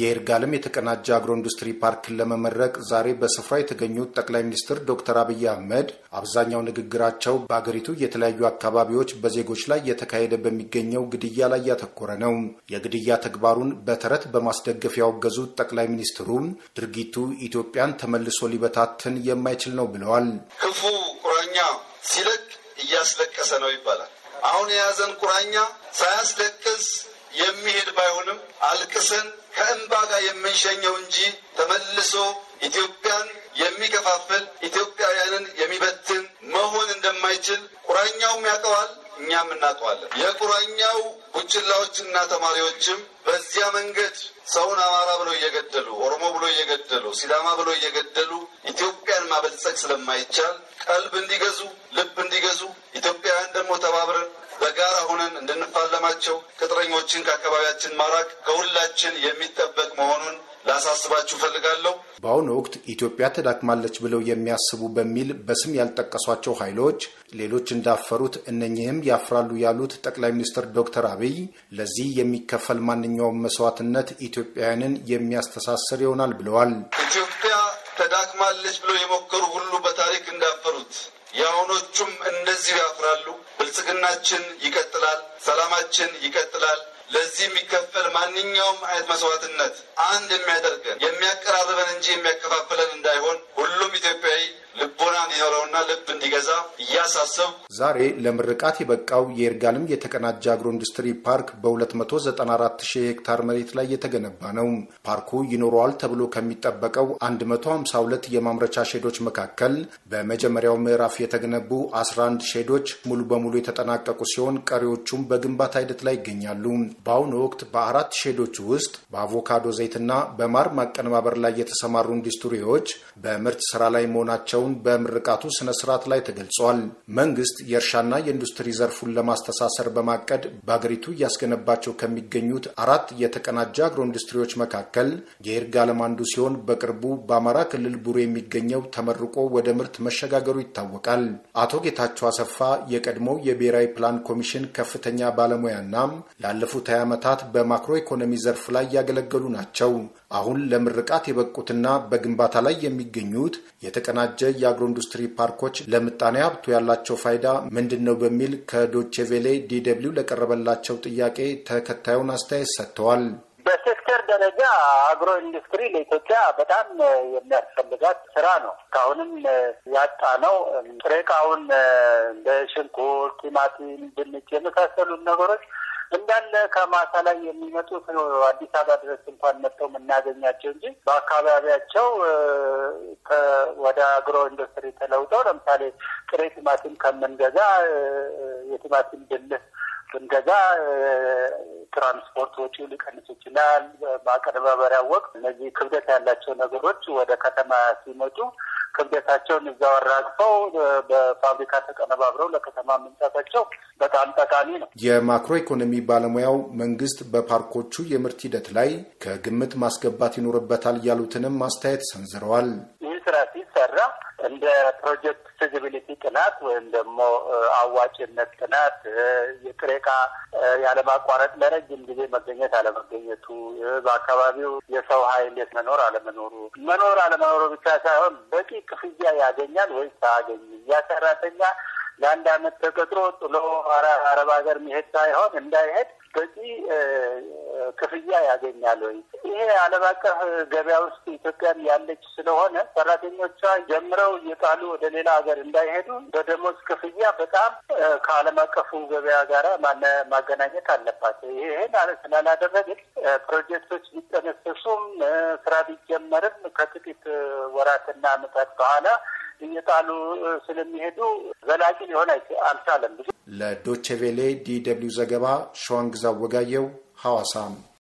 የይርጋለም የተቀናጀ አግሮ ኢንዱስትሪ ፓርክን ለመመረቅ ዛሬ በስፍራ የተገኙት ጠቅላይ ሚኒስትር ዶክተር አብይ አህመድ አብዛኛው ንግግራቸው በአገሪቱ የተለያዩ አካባቢዎች በዜጎች ላይ እየተካሄደ በሚገኘው ግድያ ላይ ያተኮረ ነው። የግድያ ተግባሩን በተረት በማስደገፍ ያወገዙት ጠቅላይ ሚኒስትሩም ድርጊቱ ኢትዮጵያን ተመልሶ ሊበታትን የማይችል ነው ብለዋል። ክፉ ቁራኛ ሲለቅ እያስለቀሰ ነው ይባላል። አሁን የያዘን ቁራኛ ሳያስለቅስ የሚሄድ ባይሆንም አልቅሰን ከእንባ ጋር የምንሸኘው እንጂ ተመልሶ ኢትዮጵያን የሚከፋፍል ኢትዮጵያውያንን የሚበትን መሆን እንደማይችል ቁራኛውም ያውቀዋል፣ እኛም እናውቀዋለን። የቁራኛው ቡችላዎችና ተማሪዎችም በዚያ መንገድ ሰውን አማራ ብሎ እየገደሉ ኦሮሞ ብሎ እየገደሉ ሲዳማ ብሎ እየገደሉ ኢትዮጵያን ማበልጸግ ስለማይቻል ቀልብ እንዲገዙ ልብ እንዲገዙ ኢትዮጵያውያን ደግሞ ተባብረን በጋራ ሆነን እንድንፋለማቸው ቅጥረኞችን ከአካባቢያችን ማራቅ ከሁላችን የሚጠበቅ መሆኑን ላሳስባችሁ ፈልጋለሁ። በአሁኑ ወቅት ኢትዮጵያ ተዳክማለች ብለው የሚያስቡ በሚል በስም ያልጠቀሷቸው ኃይሎች ሌሎች እንዳፈሩት እነኚህም ያፍራሉ ያሉት ጠቅላይ ሚኒስትር ዶክተር አብይ ለዚህ የሚከፈል ማንኛውም መስዋዕትነት ኢትዮጵያውያንን የሚያስተሳስር ይሆናል ብለዋል። ኢትዮጵያ ተዳክማለች ብለው የሞከሩ ሁሉ በታሪክ እንዳፈሩት የአሁኖቹም እንደዚሁ ያፍራሉ። ብልጽግናችን ይቀጥላል፣ ሰላማችን ይቀጥላል ለዚህ የሚከፈል ማንኛውም አይነት መስዋዕትነት አንድ የሚያደርገን የሚያቀራርበን እንጂ የሚያከፋፍለን እንዳይሆን ሁሉም ኢትዮጵያ እንዲኖረውና ልብ እንዲገዛ እያሳሰብ ዛሬ ለምርቃት የበቃው የይርጋለም የተቀናጀ አግሮ ኢንዱስትሪ ፓርክ በ294 ሺህ ሄክታር መሬት ላይ የተገነባ ነው። ፓርኩ ይኖረዋል ተብሎ ከሚጠበቀው 152 የማምረቻ ሼዶች መካከል በመጀመሪያው ምዕራፍ የተገነቡ 11 ሼዶች ሙሉ በሙሉ የተጠናቀቁ ሲሆን ቀሪዎቹም በግንባታ ሂደት ላይ ይገኛሉ። በአሁኑ ወቅት በአራት ሼዶች ውስጥ በአቮካዶ ዘይትና በማር ማቀነባበር ላይ የተሰማሩ ኢንዱስትሪዎች በምርት ስራ ላይ መሆናቸውን በምርቃ በምርቃቱ ስነ ስርዓት ላይ ተገልጿል። መንግስት የእርሻና የኢንዱስትሪ ዘርፉን ለማስተሳሰር በማቀድ በአገሪቱ እያስገነባቸው ከሚገኙት አራት የተቀናጀ አግሮ ኢንዱስትሪዎች መካከል የይርጋለም አንዱ ሲሆን በቅርቡ በአማራ ክልል ቡሬ የሚገኘው ተመርቆ ወደ ምርት መሸጋገሩ ይታወቃል። አቶ ጌታቸው አሰፋ የቀድሞው የብሔራዊ ፕላን ኮሚሽን ከፍተኛ ባለሙያና ላለፉት 20 ዓመታት በማክሮ ኢኮኖሚ ዘርፍ ላይ ያገለገሉ ናቸው። አሁን ለምርቃት የበቁትና በግንባታ ላይ የሚገኙት የተቀናጀ የአግሮ ኢንዱስትሪ ፓርኮች ለምጣኔ ሀብቱ ያላቸው ፋይዳ ምንድን ነው በሚል ከዶቼቬሌ ዲደብሊው ለቀረበላቸው ጥያቄ ተከታዩን አስተያየት ሰጥተዋል። በሴክተር ደረጃ አግሮ ኢንዱስትሪ ለኢትዮጵያ በጣም የሚያስፈልጋት ስራ ነው። እስካሁንም ያጣ ነው። ጥሬ ዕቃውን በሽንኩርት፣ ቲማቲም፣ ድንች የመሳሰሉት ነገሮች እንዳለ ከማሳ ላይ የሚመጡት አዲስ አበባ ድረስ እንኳን መጥተው የምናገኛቸው እንጂ በአካባቢያቸው ወደ አግሮ ኢንዱስትሪ ተለውጠው ለምሳሌ ጥሬ ቲማቲም ከምንገዛ የቲማቲም ድል ብንገዛ ትራንስፖርት ወጪው ሊቀንስ ይችላል። በአቀነባበሪያ ወቅት እነዚህ ክብደት ያላቸው ነገሮች ወደ ከተማ ሲመጡ ክብደታቸውን እዛው አራግፈው በፋብሪካ ተቀነባብረው ለከተማ የምንሰጣቸው በጣም ጠቃሚ ነው። የማክሮ ኢኮኖሚ ባለሙያው መንግስት በፓርኮቹ የምርት ሂደት ላይ ከግምት ማስገባት ይኖርበታል ያሉትንም አስተያየት ሰንዝረዋል። ይህ ስራ ሲሰራ እንደ ፕሮጀክት ፊዚቢሊቲ ጥናት ወይም ደግሞ አዋጭነት ጥናት የጥሬ ዕቃ ያለማቋረጥ ለረጅም ጊዜ መገኘት አለመገኘቱ፣ በአካባቢው የሰው ኃይል የት መኖር አለመኖሩ፣ መኖር አለመኖሩ ብቻ ሳይሆን በቂ ክፍያ ያገኛል ወይስ አያገኝም፣ ያ ሰራተኛ ለአንድ አመት ተቀጥሮ ጥሎ አረብ ሀገር መሄድ ሳይሆን እንዳይሄድ በዚህ ክፍያ ያገኛል ወይ? ይሄ ዓለም አቀፍ ገበያ ውስጥ ኢትዮጵያን ያለች ስለሆነ ሰራተኞቿ ጀምረው እየጣሉ ወደ ሌላ ሀገር እንዳይሄዱ በደሞዝ ክፍያ በጣም ከዓለም አቀፉ ገበያ ጋር ማገናኘት አለባቸው። ይሄን ስላላደረግን ፕሮጀክቶች ቢጠነሰሱም ስራ ቢጀመርም ከጥቂት ወራትና አመታት በኋላ እየጣሉ ስለሚሄዱ ዘላቂ ሊሆን አልቻለም። ለዶቼ ቬሌ ዲ ደብልዩ ዘገባ ሸዋንግዛ ወጋየው ሐዋሳም